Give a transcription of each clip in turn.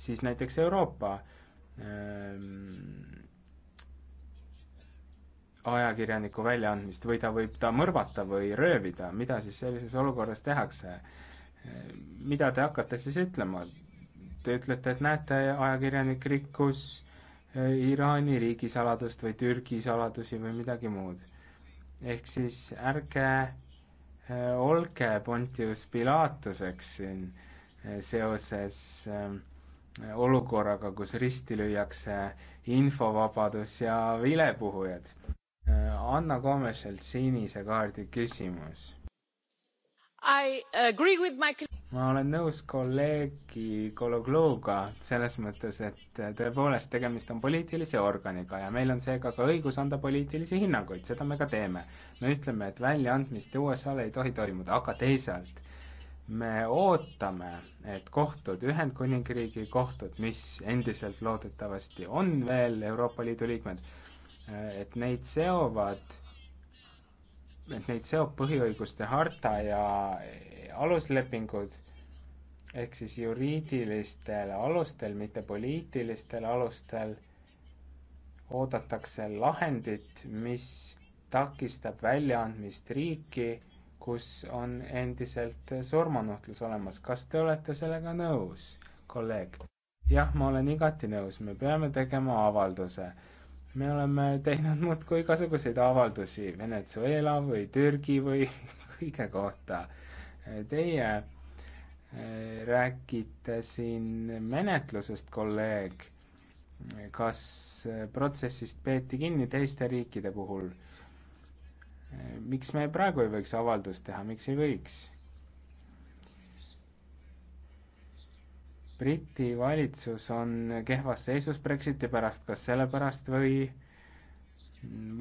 siis näiteks Euroopa ähm, ajakirjaniku väljaandmist või ta võib ta mõrvata või röövida, mida siis sellises olukorras tehakse? mida te hakkate siis ütlema? Te ütlete, et näete, ajakirjanik rikkus e, Iraani riigisaladust või Türgi saladusi või midagi muud. ehk siis ärge e, olge Pontius Pilatuseks siin e, seoses äh, olukorraga, kus risti lüüakse infovabadus ja vilepuhujad. Anna Komeselt sinise kaardi küsimus My... ma olen nõus kolleegi Kologluga selles mõttes, et tõepoolest tegemist on poliitilise organiga ja meil on seega ka õigus anda poliitilisi hinnanguid, seda me ka teeme. me ütleme, et väljaandmist USA-le ei tohi toimuda, aga teisalt me ootame, et kohtud, Ühendkuningriigi kohtud, mis endiselt loodetavasti on veel Euroopa Liidu liikmed, et neid seovad, et neid seob põhiõiguste harta ja aluslepingud, ehk siis juriidilistel alustel, mitte poliitilistel alustel, oodatakse lahendit, mis takistab väljaandmist riiki kus on endiselt surmanuhtlus olemas. kas te olete sellega nõus, kolleeg? jah, ma olen igati nõus, me peame tegema avalduse. me oleme teinud muudkui igasuguseid avaldusi Venezuela või Türgi või kõige kohta. Teie eh, räägite siin menetlusest, kolleeg, kas protsessist peeti kinni teiste riikide puhul? miks me praegu ei võiks avaldust teha, miks ei võiks? Briti valitsus on kehvas seisus Brexiti pärast, kas sellepärast või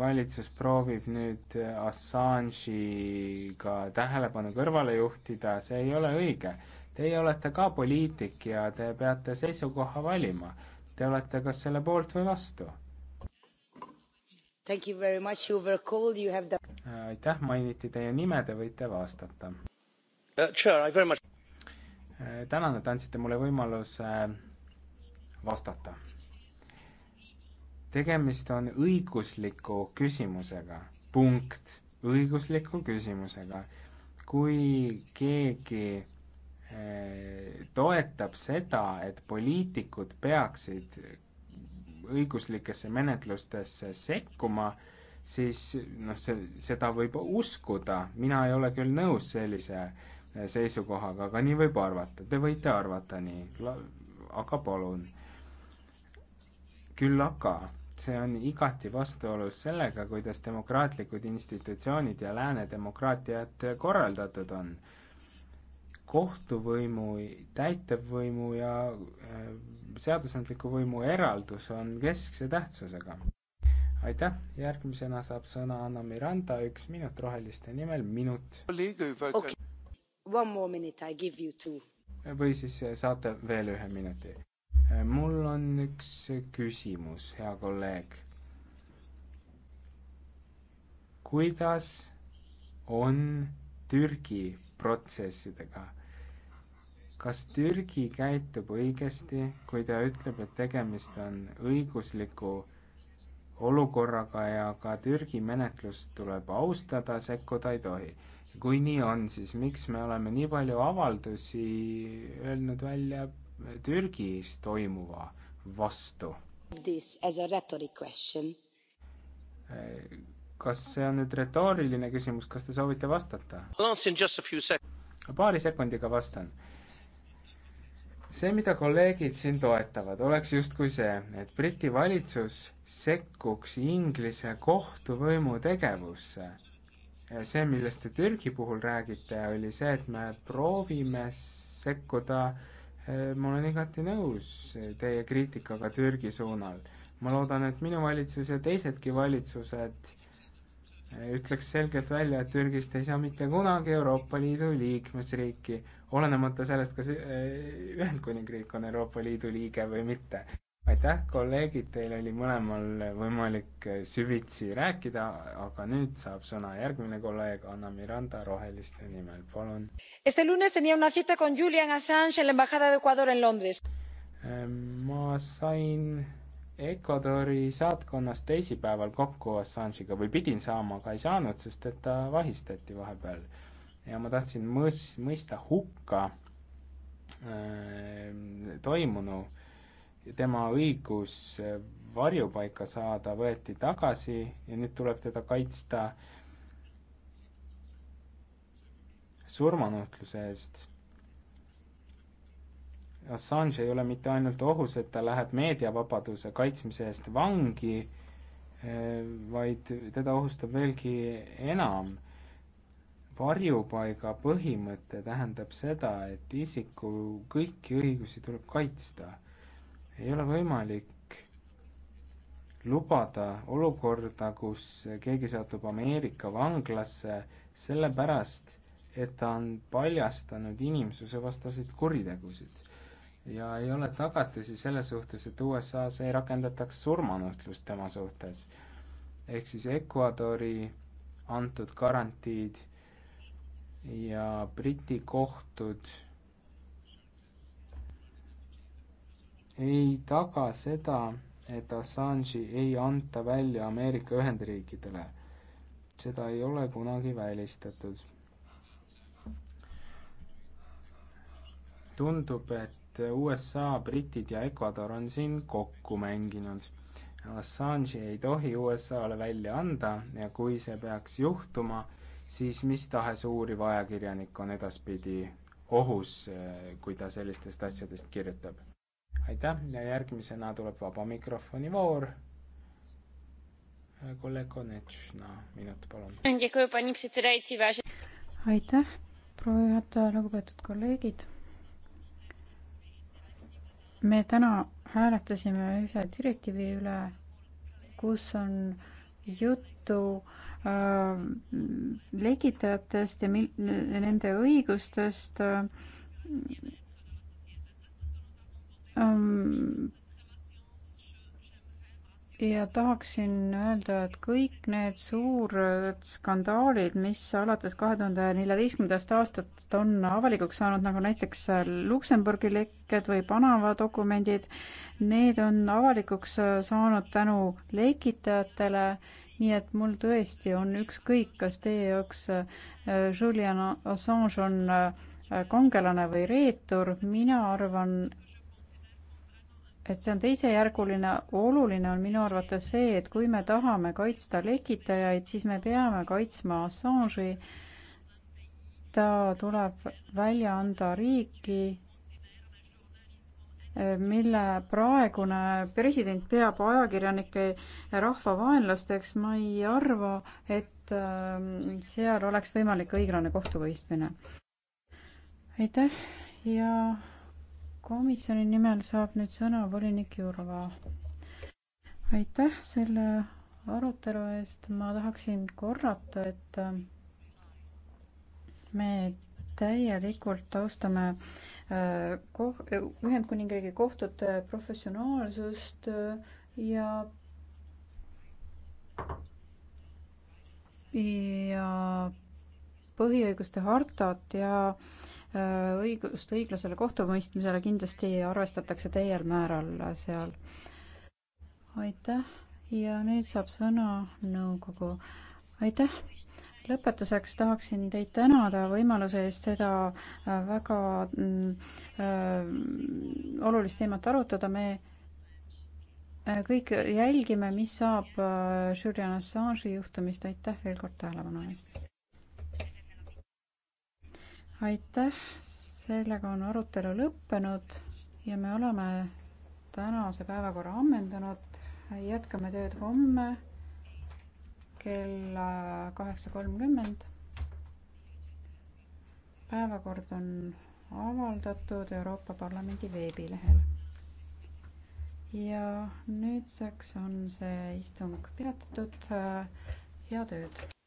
valitsus proovib nüüd Assange'iga tähelepanu kõrvale juhtida, see ei ole õige. Teie olete ka poliitik ja te peate seisukoha valima. Te olete kas selle poolt või vastu The... aitäh, mainiti teie nime, te võite vastata uh,. Sure, much... Eh, tänan, et andsite mulle võimaluse eh, vastata. tegemist on õigusliku küsimusega, punkt, õigusliku küsimusega. kui keegi eh, toetab seda, et poliitikud peaksid õiguslikesse menetlustesse sekkuma, siis noh, see, seda võib uskuda, mina ei ole küll nõus sellise äh, seisukohaga, aga nii võib arvata, te võite arvata nii, aga palun. küll aga see on igati vastuolus sellega, kuidas demokraatlikud institutsioonid ja lääne demokraatiad korraldatud on kohtuvõimu, täitevvõimu ja äh, seadusandliku võimu eraldus on keskse tähtsusega. aitäh, järgmisena saab sõna Anna Miranda, üks minut roheliste nimel, minut okay.. või siis saate veel ühe minuti. Äh, mul on üks küsimus, hea kolleeg. kuidas on Türgi protsessidega kas Türgi käitub õigesti, kui ta ütleb, et tegemist on õigusliku olukorraga ja ka Türgi menetlust tuleb austada, sekkuda ei tohi. kui nii on, siis miks me oleme nii palju avaldusi öelnud välja Türgis toimuva vastu? Eh, kas see on nüüd retooriline küsimus, kas te soovite vastata? paari sekundiga vastan see, mida kolleegid siin toetavad, oleks justkui see, et Briti valitsus sekkuks Inglise kohtuvõimu tegevusse. ja see, millest te Türgi puhul räägite, oli see, et me proovime sekkuda, eh, ma olen igati nõus teie kriitikaga Türgi suunal. ma loodan, et minu valitsus ja teisedki valitsused ütleks selgelt välja, et Türgist ei saa mitte kunagi Euroopa Liidu liikmesriiki, olenemata sellest, kas äh, Ühendkuningriik on Euroopa Liidu liige või mitte. aitäh, kolleegid, teil oli mõlemal võimalik äh, süvitsi rääkida, aga nüüd saab sõna järgmine kolleeg Anna Miranda Roheliste nimel, palun. Este lunes tenía una cita con Julian Assange en la embajada de Ecuador en Londres. Äh, ma sain Ecuadori saatkonnas teisipäeval kokku Assange'iga või pidin saama, aga ei saanud, sest et ta vahistati vahepeal. ja ma tahtsin mõs-, mõista hukka äh, toimunu, tema õigus varjupaika saada võeti tagasi ja nüüd tuleb teda kaitsta surmanuhtluse eest Assange ei ole mitte ainult ohus, et ta läheb meediavabaduse kaitsmise eest vangi, eh, vaid teda ohustab veelgi enam. varjupaiga põhimõte tähendab seda, et isiku kõiki õigusi tuleb kaitsta. ei ole võimalik lubada olukorda, kus keegi satub Ameerika vanglasse sellepärast, et ta on paljastanud inimsusevastaseid kuritegusid ja ei ole tagatisi selle suhtes, et USA-s ei rakendataks surmanuhtlust tema suhtes. ehk siis Ecuadori antud garantiid ja Briti kohtud ei taga seda, et Assange'i ei anta välja Ameerika Ühendriikidele. seda ei ole kunagi välistatud. tundub, et et USA, britid ja Ecuador on siin kokku mänginud. Assange'i ei tohi USA-le välja anda ja kui see peaks juhtuma, siis mis tahes uuriv ajakirjanik on edaspidi ohus, kui ta sellistest asjadest kirjutab. aitäh ja järgmisena tuleb vaba mikrofoni voor. kolleeg Konetšna no,, minut palun. aitäh, proua juhataja, lugupeetud kolleegid me täna hääletasime ühe direktiivi üle, kus on juttu äh, lekitajatest ja mil-, nende õigustest äh, ja tahaksin öelda, et kõik need suured skandaalid, mis alates kahe tuhande neljateistkümnendast aastast on avalikuks saanud, nagu näiteks Luksemburgi lekked või Panama dokumendid, need on avalikuks saanud tänu lekitajatele, nii et mul tõesti on ükskõik, kas teie jaoks äh, Julian Assange on äh, kangelane või reetur, mina arvan, et see on teisejärguline, oluline on minu arvates see, et kui me tahame kaitsta lekitajaid, siis me peame kaitsma Assange'i. ta tuleb välja anda riiki, mille praegune president peab ajakirjanike rahvavaenlasteks, ma ei arva, et ähm, seal oleks võimalik õiglane kohtuvõistmine. aitäh ja komisjoni nimel saab nüüd sõna volinik Jurva. aitäh selle arutelu eest, ma tahaksin korrata, et me täielikult austame äh, koh-, Ühendkuningriigi kohtute professionaalsust äh, ja ja põhiõiguste hartat ja äh, Äh, õigust õiglasele kohtumõistmisele kindlasti arvestatakse täiel määral seal. aitäh ja nüüd saab sõna nõukogu. aitäh! lõpetuseks tahaksin teid tänada võimaluse eest seda äh, väga mm, äh, olulist teemat arutada. me äh, kõik jälgime, mis saab Julian Assange'i juhtumist. aitäh veel kord tähelepanu eest! aitäh, sellega on arutelu lõppenud ja me oleme tänase päevakorra ammendanud. jätkame tööd homme kella kaheksa kolmkümmend. päevakord on avaldatud Euroopa Parlamendi veebilehel. ja nüüdseks on see istung peatatud. head ööd!